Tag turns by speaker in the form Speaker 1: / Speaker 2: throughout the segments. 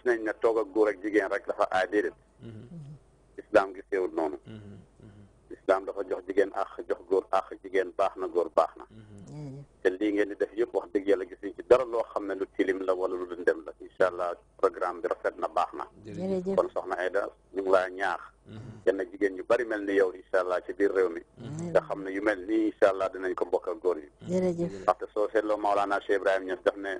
Speaker 1: gis nañ ne toog ak góor ak jigéen rek dafa aay déedéet islam gi teewul noonu islam dafa jox jigéen ak jox góor ak jigéen baax na góor baax na te lii ngeen di def yëpp wax dëgg yàlla gis nañ ci dara loo xam ne lu tilim la wala lu lëndëm la incha allah programme bi rafet na baax na kon soxna Aida ñu ngi laa ñaax mhm. yenn jigéen ñu bari mel ni yow incha ci biir réew mi nga mhm. xam ne yu mel ni incha allah dinañ ko bokk ak góor yi
Speaker 2: ndaxte
Speaker 1: soo seetloo Maolana Cheikh Ibrahima Niass daf ne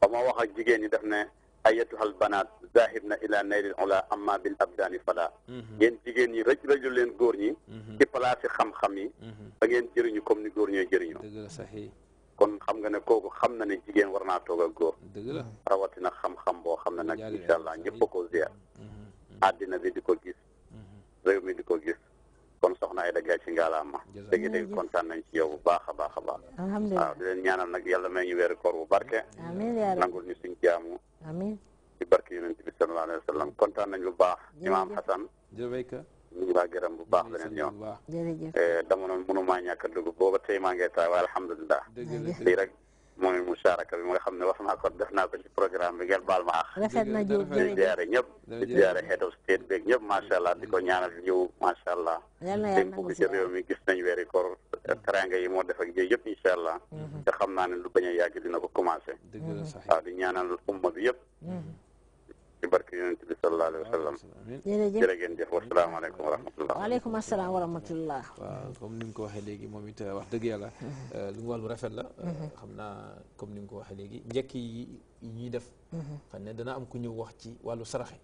Speaker 1: ba ma wax ak jigéen ñi daf ne ayatuha albanaat zahibna ila nayril ola amma bil abdaani fala ngeen mhm. jigéen ñi rëj rëju leen góor ñi mhm. ci place xam-xam yi mhm. ba ngeen jëriñu comme ni góor ñooy jëriñoo kon xam nga ne kooku xam na ne jigéen war na toog ak a rawatina xam-xam boo xam ne nag incha allah ñëpp a ko ziar àddina bi di ko gis réew mi di ko gis kon soxna ay dagay ci ngaalaama dégg dégg kontaan nañ ci yow bu baax a baax a baax waaw di leen ñaanal nag yàlla may ñu weeru koor bu barke nangul amiin ci barke yonent bi sallallahu alayhi wa sallam kontaan nañ bu baax imaam Hassan jërëjëf ñu ngi laa gërëm bu baax beneen yoon jërëjëf eh, dama noon mënumaa ñàkk a dugg booba tey maa ngi taay waaye alhamdulilah lii rek mooy musaaraka bi nga xam ne wax naa ko def naa ko ci programme baal ma àq.
Speaker 2: na Diop jërëjëf di
Speaker 1: jaare ñëpp. di jaare head of state beeg ñëpp macha di ko ñaanal jiw macha allah. yal na yàlla na ci réew mi gis nañ weeri koor teranga yi moo def ak yooyu yëpp incha allah. Mhm. te xam naa ne lu bañ a yàgg dina ko commencé. waaw di ñaanal umma bi yëpp. Mhm. ci barke yonent bi sallallahu alayhi
Speaker 2: wa sallam waaw
Speaker 3: comme ni nga ko waxee léegi moom it wax dëgg yàlla mhm. lu mu wàllu rafet la mhm. xam naa comme ni nga ko waxee léegi njëkk yi ñuy def mhm. xam ne dana am ku ñëw wax ci wàllu saraxe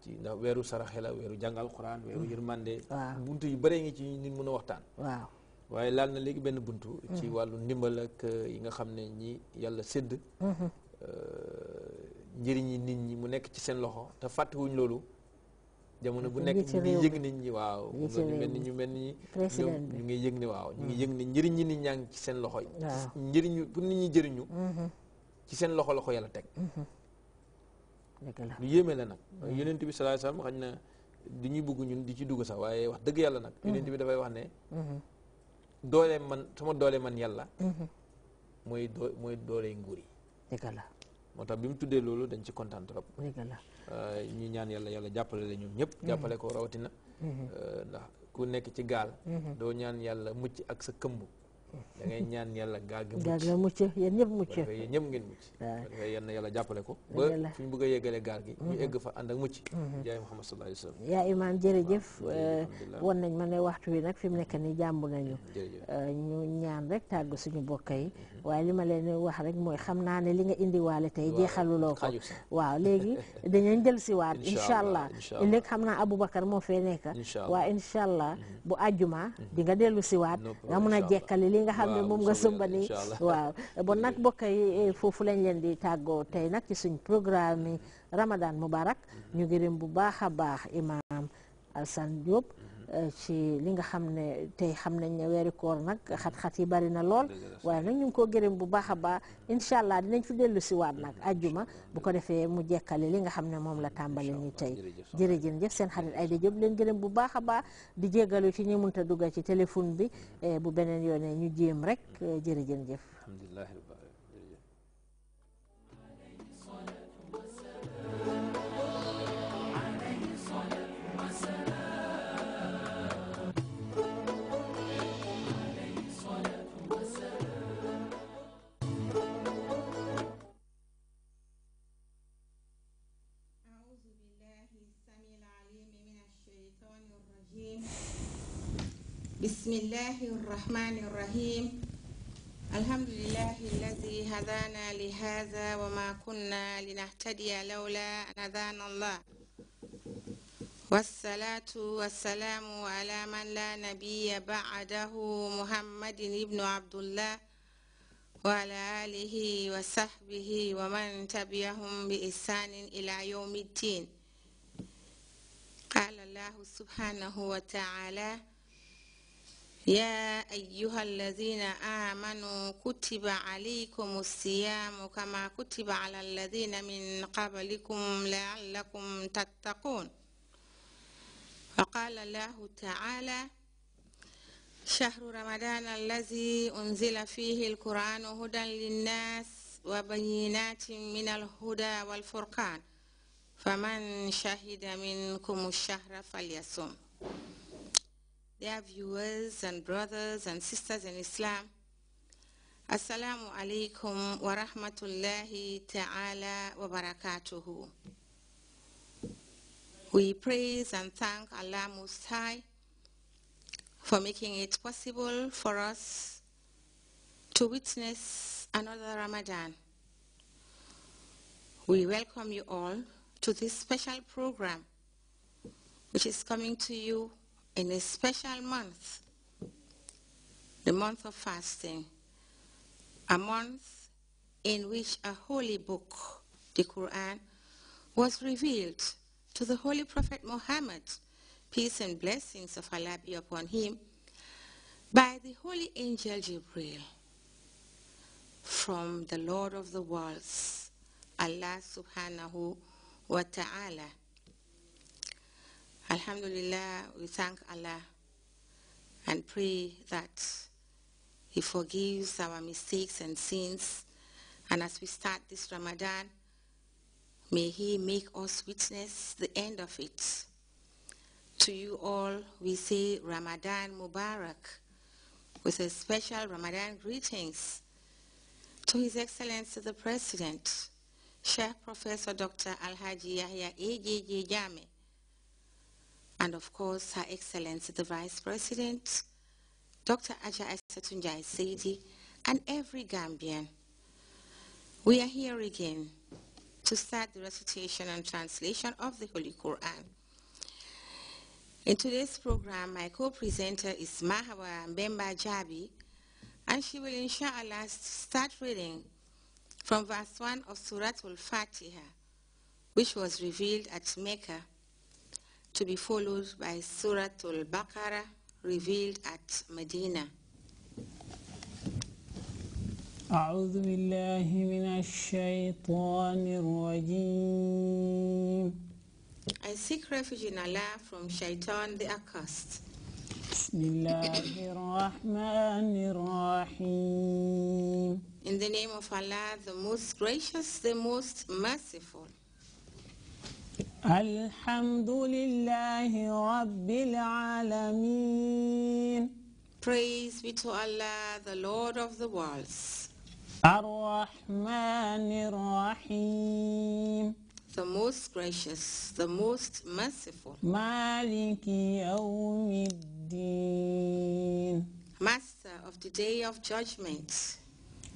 Speaker 3: ci ndax weeru saraxe la weeru jàngal quran weeru yërmande bunt yu bëree ngi ci nit mën a waxtaan waaw waaye laal na léegi benn buntu ci wàllu ndimbal ak yi nga xam ne ñi yàlla sédd euh, njëriñi nit ñi mu nekk ci seen loxo te fàttewuñ loolu jamono bu nekk ñu ngi yëg nit ñi waaw ñu mel ni ngi yëg ni waaw ñu ngi hmm. yëg ni ñi nit ñaa ngi ci seen loxo yi njëriñu pour nit ñi jëriñu hmm. ci seen loxo la ko yàlla teg hmm. lu yéeme la nag yonent bi sallallahu alayhi wasallam xañ na du ñuy bugg ñun di ci dugg sax waaye wax dëgg yàlla nag yonent bi dafay wax ne doole man sama doole man yàlla mooy doo mooy doole nguur yi moo tax bi mu tuddee loolu dañ ci kontaan trop. Euh, ñu ñaan yàlla yàlla jàppale la ñoom ñëpp. jàppale ko rawatina. Mm-hmm. Euh, ndax ku nekk ci gaal. Mm-hmm. doo ñaan yàlla mucc ak sa këmb. da ñaan yàlla gaal gi mucc gaal gi
Speaker 2: mucc yéen ñëpp mucc. yéen
Speaker 3: ñëpp ngeen mucc. a yàlla jàppale ko. ba fi ñu bëgg a gaal gi. ñu mm-hmm. egg fa ànd ak mucc. jaay Muhammad sallallahu alayhi wa sallam. yaa imaam jërëjëf. Euh, won
Speaker 2: nañ ma ne waxtu wi nag fi mu nekk nii jàmb nañu. ñu ñaan rek tàggu suñu bokk yi. waaye li ma leen wax rek mooy xam naa ne li nga indi waale tey loo ko waaw léegi dañu jël si waat incha allah léegi xam naa Aboubacar moo fee nekk waa incha allah mm-hmm. bu àjjuma mm-hmm. di nga dellu si waat nga mun a jekkali li nga xam ne moom nga sumbani waaw bon nag mm-hmm. mbokk yi eh, foofu lañ leen di tàggoo tey nag ci suñ programme yi Ramadan Mubarak ñu ngi bu baax a baax imaam Alsan Diop Euh, ci li nga xam ne tey xam nañ ne weeri koor nag xat-xat yi bari na lool waaye nag ñu ko koo gërëm bu baax a baax incha allah dinañ fi dellu si waat nag ajjuma bu ko defee mu jekkale li nga xam ne moom la tàmbali ni tey jërëjëf jëf seen xarit Aida Diop leen gërëm bu baax a baax di jégalu ci ñi mënta dugga ci téléphone bi eh, bu beneen yoone ñu jéem rek eh, jërëjëf jëf
Speaker 4: بسم الله الرحمن الرحيم الحمد لله الذي هدانا لهذا وما كنا لنهتدي لولا أن هدانا الله والصلاة والسلام على من لا نبي بعده محمد بن عبد الله وعلى آله وصحبه ومن تبعهم بإحسان إلى يوم الدين قال الله سبحانه وتعالى يا أيها الذين آمنوا كتب عليكم الصيام كما كتب على الذين من قبلكم لعلكم تتقون وقال الله تعالى شهر رمضان الذي أنزل فيه القرآن هدى للناس وبينات من الهدى والفرقان فَمَنْ شَهِدَ مِنْكُمُ الشَّهْرَ فَلْيَصُمْ Dear viewers and brothers and sisters in Islam, Assalamu alaikum wa rahmatullahi ta'ala wa barakatuhu. We praise and thank Allah Most High for making it possible for us to witness another Ramadan. We welcome you all to this special program, which is coming to you in a special month, the month of fasting, a month in which a holy book, the Quran, was revealed to the Holy Prophet Muhammad, peace and blessings of Allah be upon him, by the holy angel Jibril from the Lord of the worlds, Allah subhanahu wa ta'ala. Alhamdulillah, we thank Allah and pray that He forgives our mistakes and sins. And as we start this Ramadan, may He make us witness the end of it. To you all, we say Ramadan Mubarak with a special Ramadan greetings to His Excellency the President, Chef Professor Dr. Alhaji Yahya AJJ Jame, and of course Her Excellency the Vice President, Dr. Aja Asatunjai Saidi, and every Gambian. We are here again to start the recitation and translation of the Holy Quran. In today's program, my co-presenter is Mahawa Mbemba Jabi, and she will inshallah start reading from verse 1 of Surah Al-Fatiha, which was revealed at Mecca, to be followed by Surah Al-Baqarah, revealed at Medina.
Speaker 5: أعوذ بالله من الشيطان الرجيم
Speaker 4: I seek refuge in Allah from Shaitan the accursed.
Speaker 5: In the
Speaker 4: name of Allah, the most gracious, the most merciful.
Speaker 5: Alhamdulillahi لله رب العالمين Praise
Speaker 4: be to Allah, the Lord of the worlds. الرحمن rahim the most gracious, the most merciful.
Speaker 5: مالك يوم الدين الدين Master of the Day of Judgment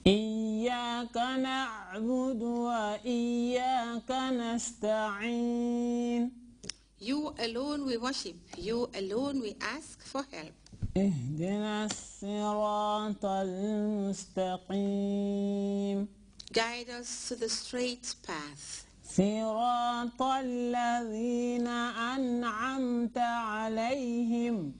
Speaker 5: إياك نعبد وإياك نستعين You alone we worship, you alone we ask for help. اهدنا الصراط المستقيم Guide us to the straight path. صراط الذين أنعمت عليهم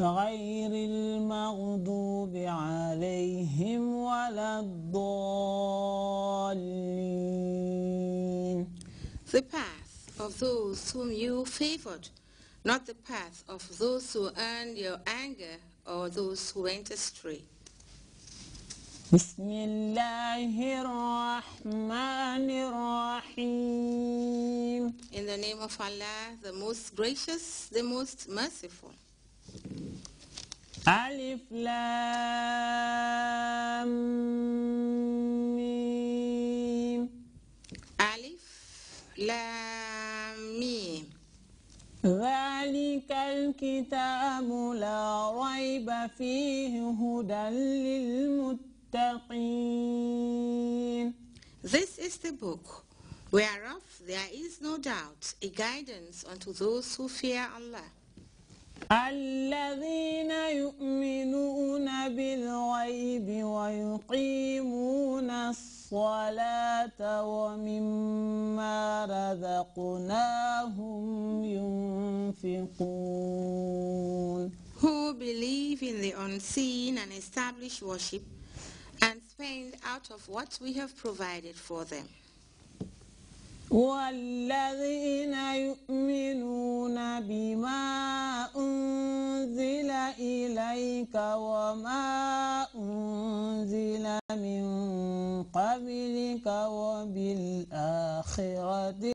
Speaker 5: غير المغضوب عليهم ولا الضالين
Speaker 4: The path of those whom you favored, not the path of those who earned your anger or those who went astray.
Speaker 5: بسم الله الرحمن الرحيم
Speaker 4: In the name of Allah, the most gracious, the most merciful.
Speaker 5: Alif Lam Mim. Alif Lam Mim. ذلك الكتاب لا ريب فيه هدى للمتقين. This is the book whereof there is no doubt a guidance unto those who fear Allah. الذين يؤمنون بالغيب ويقيمون الصلاة ومما رزقناهم ينفقون
Speaker 4: Who believe in the unseen and establish worship and spend out of what we have provided for them.
Speaker 5: والذين يؤمنون بما أنزل إليك وما أنزل من قبلك وبالآخرة